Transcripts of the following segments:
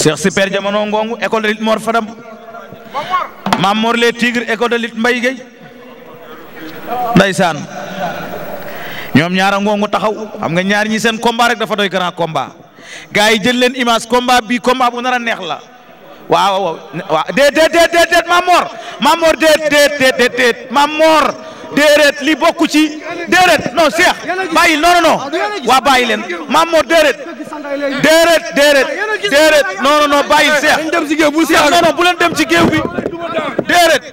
Cheikh Super jamono ngongu école de lutte Mor Fadam Maam Mor les Tigres école de lutte Mbaye Gueye ndaysaan ñoom ñaara ngongu taxaw xam nga ñaar ñi seen combat rek dafa doy grand combat gars yi jël leen image combat bi combat bu nar a la waaw waaw déet déet déet déet déet Maam Mor Maam Mor déet li bokku ci déedéet non Cheikh bàyyi non non non ah, waa leen Maam Mor déedéet déedéet déedéet déedéet non non seex non bu leen dem ci géew bi déedéet.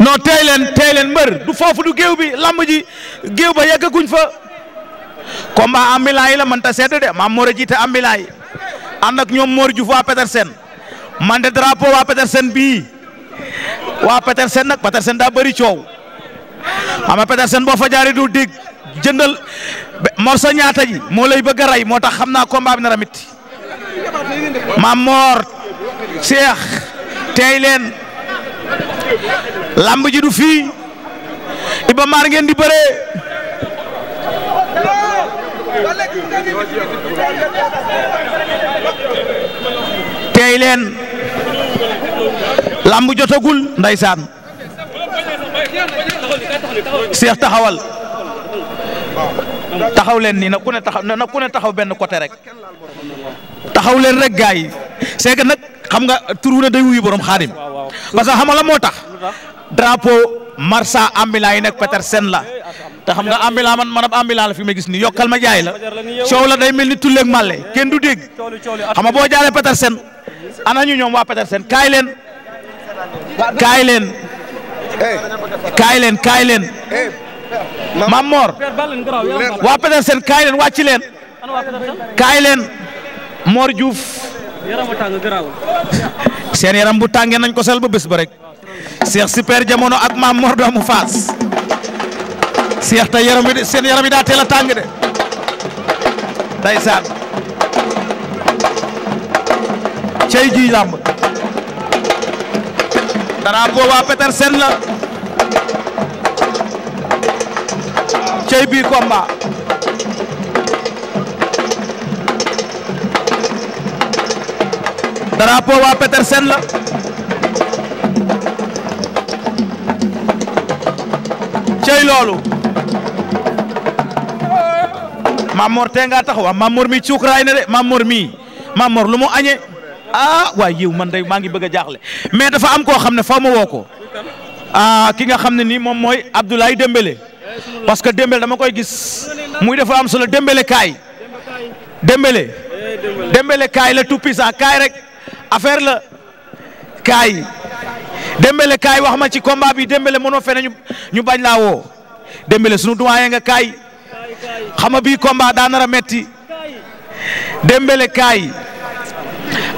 non tey leen tey du foofu du géew bi lamb ji géew ba yeggaguñ fa. combat ambilaay la mënta sedd de maam Mor a jiite ambilaay ànd ak ñoom Mor Diouf waa Petersen man de drapeau waa Petersen bii. waa Petersen nag Petersen daa bëri coow xam nga Petersen boo fa jaaree jëndal morsa ñaata moo lay bëgg a moo tax xam naa combat bi na ramit maam moor seex teey lamb ji du fii Iba Mar ngeen di bëree teey lamb jotagul ndeysaan seex taxawal taxaw leen nii na ku ne taxaw na ku ne taxaw benn côté rek taxaw leen rek gars yi c'est que nag xam nga tur na day wuyu borom xaadim parce que xam nga la moo tax drapeau marsa ambulant yi nekk Petersen la te xam nga ambulant man man ab ambulant la fi ma gis nii yokkal ma jaay la coow la day mel ni tulleeg màlle kenn du dégg xam nga boo jaaree Petersen ana ñu ñoom waa Petersen kaay leen. kaay leen. kaay leen kaay leen. Mam Mor. seen Petersen kaay leen wàcc leen. kaay leen. Mor Diouf. seen yaram bu tàngee nañ ko sel ba bés ba rek. Cheikh Super Jamono ak Mam moor doomu Faas. Cheikh tey yaram bi seen yaram daa teel a de. ndeysaan. cey ji làmb. drapeau waa Petersen la cey bi combat drapeau waa Petersen la cey loolu mi cuuk raay na de Mamor mi Mamor lu mu añe ah waaye yiw man day maa ngi bëgg a jaaxle mais dafa am koo xam ne faaw ma woo ko ah ki nga xam ne nii moom mooy Abdoulaye Dembélé parce que Dembélé dama koy gis muy dafa am solo Dembélé kaay Dembélé Dembélé la tout puissant kaay rek affaire la kaay Dembélé kaay wax ma ci combat bi Dembélé mënoo fene ñu bañ laa woo Dembélé sunu doyen nga kaay xama bi bii combat daa nar a metti dembele kaay.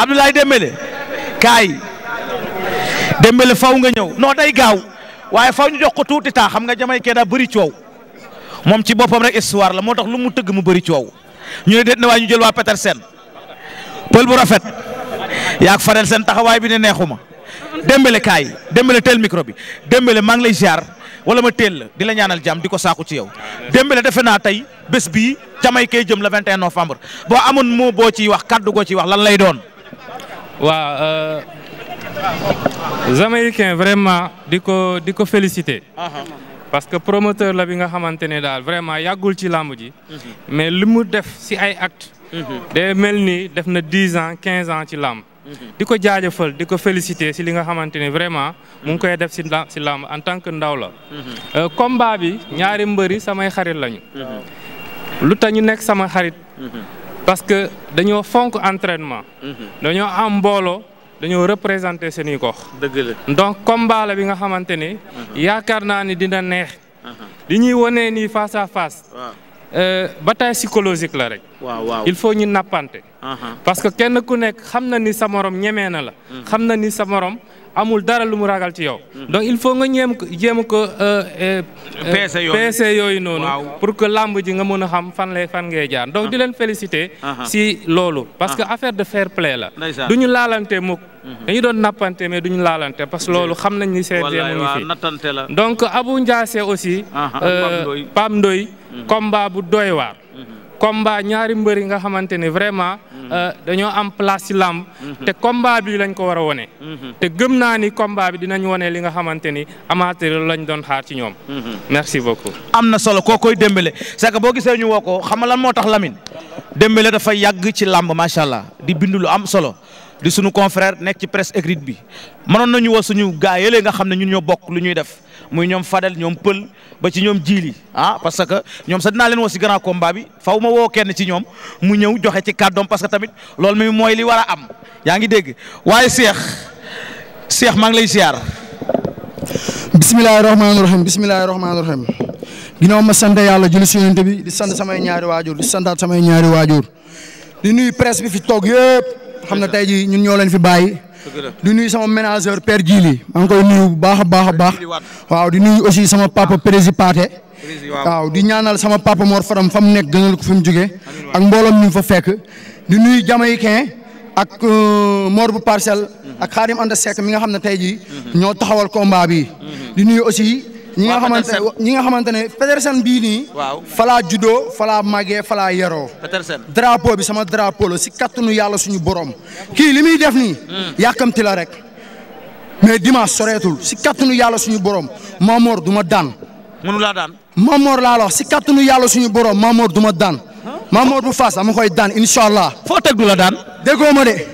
Abdoulaye Dembélé kaay Dembélé faw nga ñëw non day gaaw waaye faw ñu jox ko tuuti taa xam nga jamay kee daa bëri coow moom ci boppam rek histoire la moo tax lu mu tëgg mu bari coow ñu ne déet na ñu jël waa Petersen pël rafet yaag Fadel seen taxawaay bi ne neexuma Dembélé kaay Dembélé teel microbi bi Dembélé maa ngi lay ziar wala ma teel la di la ñaanal jàmm di ko saaku ci yow Dembélé defe naa tey bés bii jamay kee jëm la 21 novembre boo amoon moo boo ciy wax kaddu goo ciy wax lan lay doon. waa euh, les américains vraiment di ko di ko féliciter. parce que promoteur la bi nga xamante ne daal vraiment yàggul ci làmb ji. mais li mu def si ay actes. day mel ni def na dix ans quinze ans ci làmb. di ko jaajëfal di ko féliciter si li nga xamante ne vraiment mu ngi koy def si si làmb en tant que ndaw la. Euh, baa bi ñaari mbëri samay xarit lañu. lu tax nekk sama xarit. parce que dañoo fonk entrainement mhm. dañoo am mbooloo dañoo représenté seeni gox. dëgg la donc comme baala bi nga xamante ne. Mhm. yaakaar naa ni dina neex. di mhm. ñuy wane nii face à face. Euh, bataille psychologique la rek. waaw waaw il faut ñu nappante. parce que kenn ku nekk xam na ni sa morom ñemee na la. xam na ni sa morom. amul dara lu mu ragal ci yow. donc il faut nga ñeem jéem ko. Euh, euh, euh, peese yooyu peese yooyu noonu. pour que lamb ji nga mën a xam fan lay fan ngee jaan donc di ah. leen féliciter. Ah. si loolu. parce que ah. affaire de fair play la. du ñu laalante mukk mhm. dañu doon nappante mais duñu laalante parce que loolu xam nañ ni seen jéem ngi fi donc Abou njaase aussi. Pam Ndoy mhm. combat bu doy waar. combat ñaari mbër yi nga xamante ni vraiment. Mhm. Euh, dañoo am place ci làmb. Mhm. te combat bi lañ ko war a wone. Mhm. te gëm naa ni combat bi dinañ wone li nga xamante ni amateur lañ doon xaar ci ñoom. merci beaucoup. am na solo koo koy Dembélé c'est que boo gisee ñu woo ko xam lan moo tax Lamine Dembélé dafa yàgg ci làmb macha allah di bind lu am solo. di suñu confrère nekk ci presse écrite bi mënoon nañu woo suñu gaa yële nga xam ne ñun ñoo bokk lu ñuy def muy ñoom Fadel ñoom Pël ba ci ñoom jiili ah parce que ñoom sax dinaa leen woo si grand combat bi faw ma woo kenn ci ñoom mu ñëw joxe ci kàddoom parce que tamit loolu mi mooy li war a am yaa ngi dégg waaye Cheikh Cheikh maa ngi lay ziar. bisimilah rahmaani rahiim bisimilah rahmaani rahiim ginnaaw ma sant yàlla julli si yonent bi di sant samay ñaari waajur di santaat samay ñaari waajur di nuyu presse bi fi toog yëpp xam na tey jii ñun ñoo leen fi bàyyi. di nuyu sama ménageur per Djili maa ngi koy nuyu bu baax baax baax. waaw di nuyu aussi sama papa Prési Paté. waaw di ñaanal sama papa Mor Fadam fa mu nekk gënal ko fi mu jógee. ak mbooloom ñu fa fekk. di nuyu Jamaïcain ak euh, Mor bu parcelle. ak Xaadim Anta Seck mi nga xam ne tey jii. Mhm. ñoo taxawal combat bi. Mhm. di nuyu aussi. ñi nga xamante ne ñi nga xamante ne Petersen bii nii. waaw falaa juddoo falaa màggee falaa yaroo. Petersen drapeau bi sama drapeau la si kattanu yàlla suñu borom. kii li muy def nii. Hmm. yàkkamti la rek. mais dimanche soreetul si kattanu yàlla suñu borom Mamor du ma daan. mënu laa daan. Mamor laa la wax si kattanu yàlla suñu borom Mamor du ma daan. Mamor bu Fass dama koy daan incha allah. foo teg du la daan. déggoo ma de.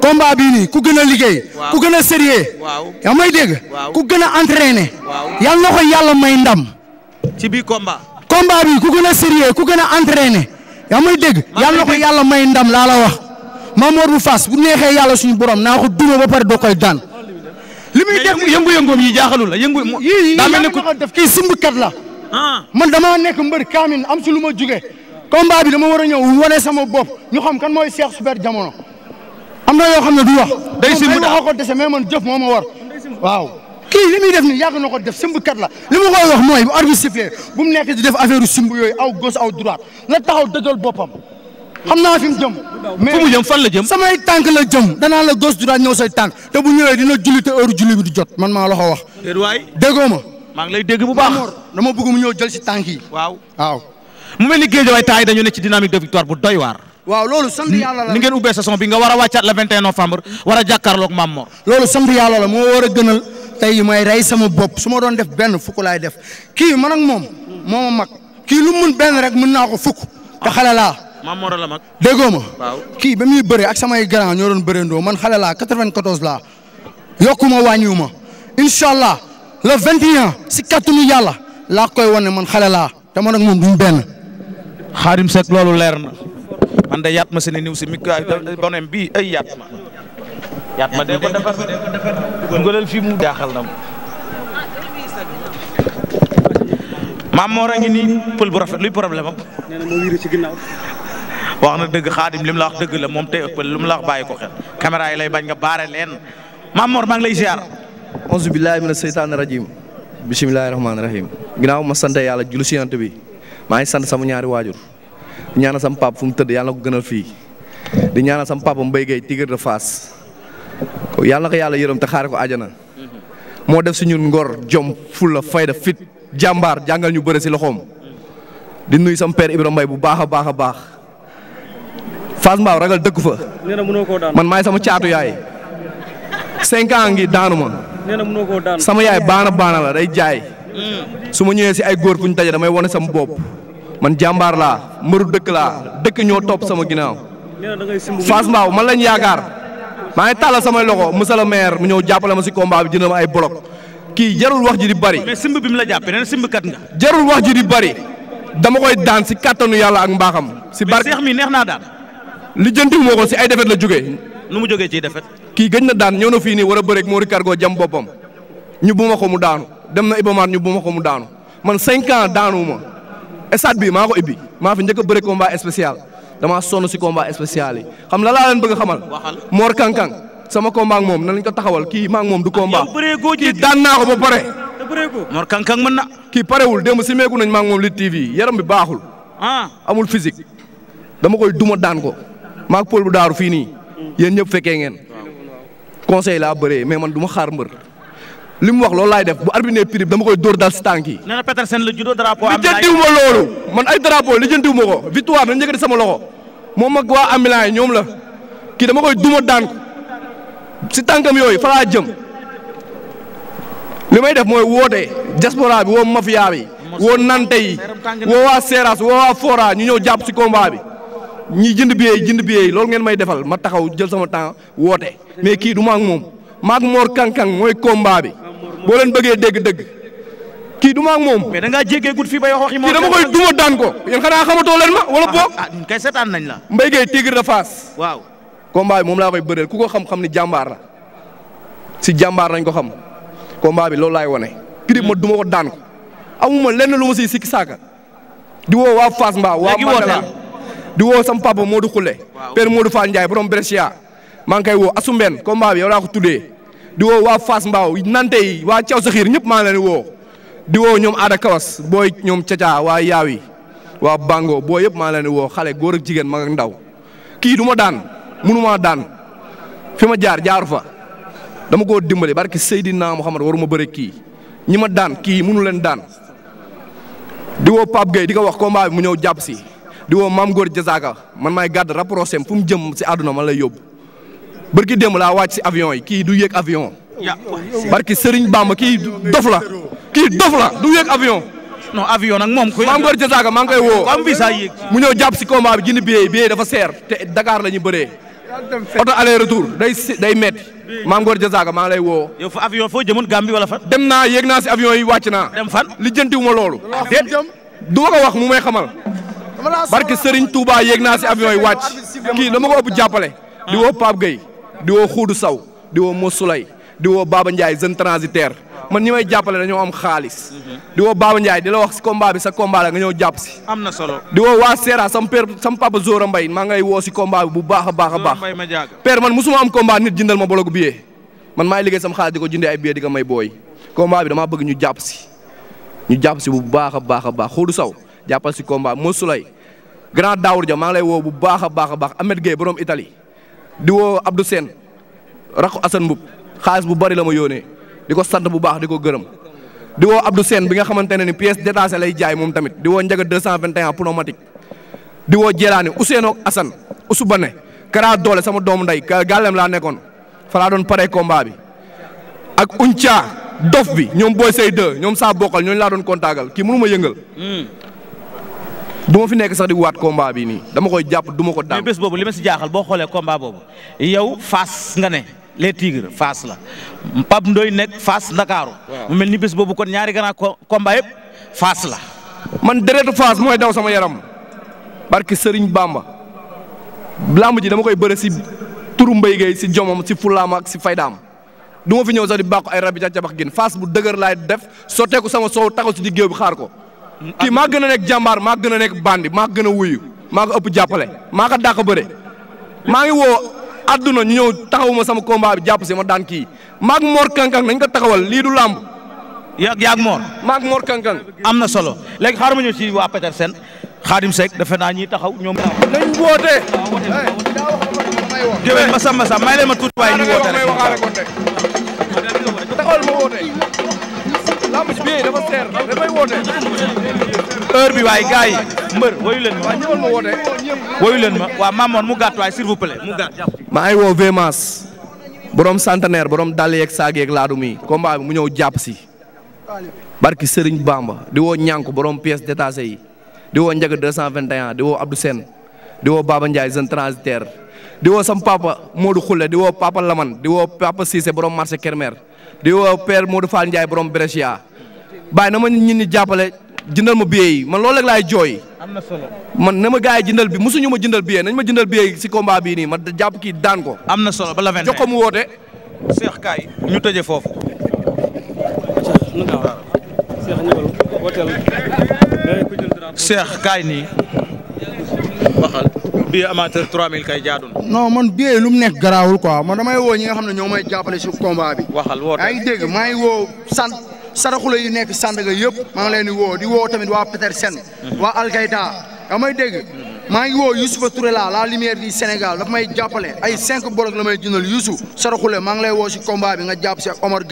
combat bii nii ku gën a liggéey. ku gën a sérieux. yaa may dégg. ku gën a entraîné. yal na ko yàlla may ndam. ci biir combat. combat bi ku gën a sérieux ku gën a entraîné. yaa may dégg yal na ko yàlla may ndam laa la wax. Mamor bu Fass bu neexee yàlla suñu borom naa ko duma ba pare doo koy daan. li muy def yëngu-yëngoom yi jaaxalul la yëngu. yii yii ko def kii simbkat la. Ah. man damaa nekk mbër kaamin am si lu ma jugee. combat bi dama war a ñëw wane sama bopp ñu xam kan mooy Cheikh Super Jamono. xam na yoo xam ne du wax. day simb daal ko man jëf moo ma war waaw. kii li muy def nii yàgg na ko def simb kat la li ma koy wax mooy bu arbitre sifflé bu mu nekk di def affaire simb yooyu aw gauche aw droite la taxaw dëjal boppam. xam naa fi mu jëm. mais fu mu jëm fan la jëm. samay tànk la jëm danaa la gos droite ñëw say tànk te bu ñëwee dina julli te heure julli bi du jot man maa la ko wax. déet waay ma. maa ngi lay dégg bu baax dama bëgg mu ñëw jël si tànk yi. waaw waaw. mu mel ni géej waay taay dañu ne ci dynamique de victoire bu doy waar waaw loolu sant yàlla la ni ngeen ubbee saison bi nga war a wàccaat le 21 novembre war a jàkkaarloog Mame Mor loolu sant yàlla la moo war a gënal tey may rey sama bopp su ma doon def benn fukk laay def kii man ak moom moo ma mag kii lu mun benn rek mën naa ko fukk te ah. xale la mag déggoo ma kii ba muy bëre ak samay grand ñoo doon bëreendoo man xale laa 94 laa yokkuma wàññiwu ma incha allah le 21 si kattanu yàlla laa koy wane man xale laa te man ak moom duñ benn Xaadim Seck loolu leer na man de yaat ma sene niw si micro bonem bii ay yaat ma yaat ma dee ko defar dugalal fii mu jaaxal na maam moo rangi nii pël bu rafet luy problème am wax na dëgg xaadim li mu la dëgg la moom te ëppal lu mu la wax bàyyi ko xel caméra yi lay bañ nga baare leen maam man maa ngi lay ziar auzu billaahi mina seytaani rajiim bismillaahi rahmaani rahiim ginnaaw ma sant yàlla julli si yonent bi maa ngi sant samu ñaari waajur di ñaanal sam fu mu tëdd yàlla na ko gënal fii di ñaanal sam papa Mbaye Gueye Tigre de Fass yàlla na ko yàlla yërëm te xaare ko àjjana moo def suñu ngor jom fulla fayda fit jàmbaar jàngal ñu bëre si loxoom di nuyu sam père Ibrahima bu baax a baax a baax Fass Mbao ragal dëkk fa man maay sama caatu yaay cinq ngi daanu ma sama yaay baana baana la day jaay mm. su ma ñëwee si ay góor ku ñu taje damay wane sama bopp man jàmbaar laa mbëru dëkk laa dëkk ñoo topp sama ginnaaw. Fass Mbao man lañ yaakaar maa ngi tàllal samay loxo monsieur le maire mu ñëw jàppale ma si combat bi jënd ma ay bloc kii jarul wax ji di bari. simb bi mu la jàppee simb kat nga. jarul wax ji di bari dama koy daan si kattanu yàlla ak mbaaxam. si barke mais neex naa daan. li jëntiwu moo si ay defet la jóge nu mu jógee ciy defet. kii gëj na daan ñëw na fii nii war a bëreeg moo ricargo jam boppam ñu bu ma ko mu daanu dem na Ibamar ñu bu ma ko mu daanu man cinq ans daanu stade bi maa ko ibbi maa fi njëkk a bëre combat spécial damaa sonn si combat spécial yi xam la laa leen bëgg a xamal. Mor Kankang sama combat ak moom nan lañ ko taxawal kii maa ngi moom du combat kii daan naa ko ba pare. Mor Kankang mën na. kii parewul démb si meeku nañ maa ngi moom li TV yaram bi baaxul. Ah. amul physique dama koy duma daan ko ma Paul bu daaru fii nii yéen ñëpp fekkee ngeen conseil laa bëree mais man du ma xaar mbër. li mu wax loolu laay def bu arbitre nee dama koy dóor dal si tànk yi. nee na Petersen la juddoo loolu man ay drapeau lijjantiw ma ko victoire nañu yëkkati sama loxo moom ak waa Amilan ñoom la kii dama koy duma daan ko si tànkam yooyu fa jëm li may def mooy woote diaspora bi woo mafia bi woo nante yi woo waa Seras woo waa Fora ñu ñëw jàpp si combat bi ñi jënd billet yi jënd billet loolu ngeen may defal ma taxaw jël sama temps woote mais kii du ma ak moom maag Mor Kang mooy combat bi. boo leen bëggee dégg-dégg kii du ma moom. da ngaa jéggeegut fii bay wax waxi moom. kii dama koy duma daan ko yéen xanaa xamatoo leen ma wala ah, boog. ah kay seetaan nañ la. Mbaye Gueye Tigre waaw. combat bi moom laa koy bëreel ku ko xam-xam ni jàmbaar la si jàmbaar lañ ko xam combat bi loolu laay wane. Gris ma duma ko daan ko amuma lenn lu ma siy sikki saaka di woo waa Fass mbaa waa Mandela di woo sam papa Modou Khoule. waaw père Modou Fall Ndiaye borom Brescia maa ngi woo Asou Mbène combat bi laa ko tuddee di woo waa Fass Mbao nante waa Thiaw Saxiir ñëpp maa ngi leen woo di woo ñoom Ada Kawas booy ñoom Caca waa Yaawi waa Bango booy yëpp maa ngi leen woo xale góor ak jigéen mag ndaw kii du ma daan munu maa daan fi ma jaar jaaru fa dama koo dimbali barke Seydina Muhammad waruma bëre kii ñi ma daan kii munu leen daan di woo Pape Gueye di ko wax ko bi mu ñëw jàpp si di woo Mame Gor Diazaka man maay gàdd rapproché fu mu jëm si àdduna ma lay yóbbu. bërki démb laa wàcc si avion yi kii du yéeg avion. barki Serigne Bamba kii dof la kii dof du yéeg avion. non avion nag moom. kuy maam Gor Diazaka maa ngi koy woo. am visa yéeg mu ñëw jàpp si combat bi jënd billet billet dafa seer te Dakar la ñu bëree. oto aller retour day day métti. maam Gor Diazaka maa lay woo. avion foo jëmoon Gambie wala fan. dem naa yéeg naa si avion yi wàcc naa. dem fan lijjantiwu ma loolu. déet du ma ko wax mu may xamal. barki Serigne Touba yéeg naa si avion yi wàcc. kii dama ko ëpp jàppale. li woo Pape Gueye di woo Xuudu Saw di woo Mosulay di woo Baba Ndiaye jeune transitaire man ñi may jàppale dañoo am xaalis. di woo Baba Ndiaye di la wax si combat bi sa combat la nga ñëw jàpp si. am na solo di woo waa Seera sam père sam papa Zora Mbaye maa ngay woo si combat bu baax a baax a baax. père man musuma am combat nit jëndal ma bologu billet man maay liggéey sam xaalis di ko jëndee ay billet di ko may booy. combat bi damaa bëgg ñu jàpp si ñu jàpp si bu baax a baax a baax Xuudu Saw jàppal si combat Mosulay grand Daour ja maa ngi lay woo bu baax a baax a baax Ahmed Gueye di woo Abdou Sène rakku Assane Mboup xaalis bu bari la ma yónnee di ko sant bu baax di ko gërëm di woo Abdou Sène bi nga xamante ne ni pièce détachée lay jaay moom tamit di woo Ndiaga 221 pneumatique di woo Jelaani Ousseynou ak Assane Ousubane Kara doole sama doomu nday gàllem laa nekkoon fa doon paree combat bi ak Unca dof bi ñoom Boy Sey 2 ñoom saa bokkal ñooñu laa doon kontaagal kii mënu ma yëngal. Hmm. du ma fi nekk sax di waat combat bi nii dama koy jàpp duma ko daan. mais bés boobu li ma si jaaxal boo xoolee combat boobu yow faas nga ne les Tigres Fass la Pape Ndoye nekk Fass Ndakaaru. mu mel ni bés boobu kon ñaari grand kombaa yëpp Fass la. man deretu Fass mooy daw sama yaram barki sëriñ Bamba lamb ji dama koy bëre si turu Mbaye Gueye si jomam si fulaama ak si faydaam du fi ñëw sax di bàqu ay rabi ca cabax gin Fass bu dëgër laay def sotteeku sama soow taxaw si di géew bi xaar ko. kii maa gën a nekk jàmbaar maa gën a nekk bandi maa gën a wuyu maa ko ëpp jàppale maa ko dàq bëre maa ngi woo àdduna ñu ñëw taxawuma sama combat jàpp si ma daan kii maag Mor Kankang nañ ko taxawal lii du làmb. yaag yaag Mor. maag Mor Kankang. am na solo léegi xaaral ma ñëw ci waa Petersen Xaadim Seck defe naa ñiy taxaw ñoom. nañ woote. jërëjëf Massa Massa may leen ma tuuti waaye ñu woote taxawal ma woote. lamb ji bi dafa seer damay woote heure maa ngi woo Vémas borom centenaire borom dàll yeeg saag mu ñëw jàpp si barki Serigne diwoo di woo ñànku borom pièces détachées yi di woo Ndiaga 221 di woo Abdou jeune transitaire di woo sam papa Modou Laman di woo papa Cissé borom marché Kermer di woo père Modou bàyyi na ma ñit ñi jàppale jëndal ma billet yi man loolu rek laay jooy. am na solo man na ma gars yi jëndal bi mosuñu ma jëndal billet nañ ma jëndal billet si combat bii nii ma jàpp ki daan ko. am na solo ba la ko mu woote. Cheikh Kaay ñu tëjee foofu. Cheikh Kaay nii. waxal billet amateur 3000 kay jaadun. non man billet lu mu nekk garaawul ko man damay woo ñi nga xam ne ñoo may jàppale si combat bi. waxal woote yaa dégg maa ngi woo sant. saraxule yi nekk Sandaga yëpp maa ngi leen di woo di woo tamit waa Petersen waa Alkayda yaa may dégg maa ngi woo Youssoufa Touré la la lumière du Sénégal daf may jàppale ay cinq bolok la may jëndal Youssou saraxule maa ngi lay woo si combat bi nga jàpp si ak Omar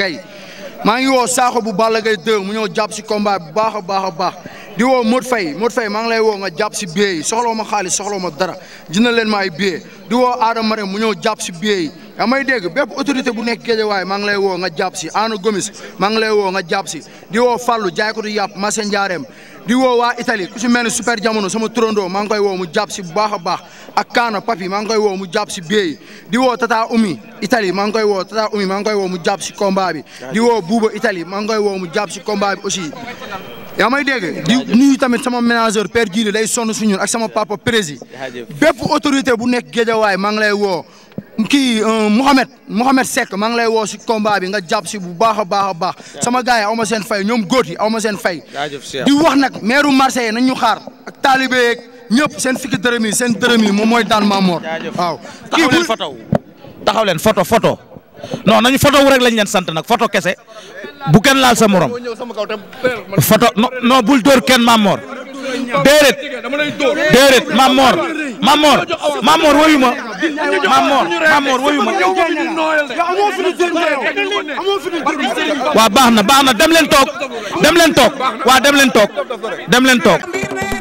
maa ngi woo Sakho bu Balla Gaye 2 mu ñëw jàpp si combat bi baax a baax a baax di woo Modou Faye Modou Faye maa ngi lay woo nga jàpp si billet yi ma xaalis soxla ma dara jëndal leen ma ay billet di woo Adama Marème mu ñëw jàpp si billet yi yaa may dégg bépp autorité bu nekk Guédiawaye maa ngi woo nga jàpp si Ana Gomis maa ngi lay woo nga jàpp si di woo Fallou jaaykatu yàpp Massa Ndiarème di woo waa itali ku si mel ni super jamono sama turandoo maa ngi koy woo mu jàpp si bu baax a baax ak Kaana Papi maa ngi koy woo mu jàpp si billet yi di woo Tata Oumi Italie maa ngi koy woo Tata Oumi maa ngi koy woo mu jàpp si combat bi di woo Bouba Italie ngi koy woo mu jàpp si combat bi yaa may dégg di nuyu tamit sama ménageur père Djili day sonn suñu ak sama papa prési bépp autorité bu nekk Géejawaay maa ngi lay woo kii euh, Mouhamed Mouhamed sek maa ngi lay woo si combat bi nga jàpp si bu baax a baax a baax sama gars yi aw ma seen fay ñoom góor yi aw ma seen fay di wax nag maire Marseille nañ ñu xaar ak taalibe ñëpp seen fikki dërëm seen dërëm yi moom mooy daan Mamor waaw kii bu taxaw leen photo photo non nañu photo wu rek lañ leen sant nag photo kese bu kenn laal sa morom photo non bul dóor kenn Mamor déedéet déedéet Mamor Mamor Mamor woyu ma Mamor Mamor woyu ma waaw baax na baax na dem leen toog dem leen toog waaw dem leen toog dem leen toog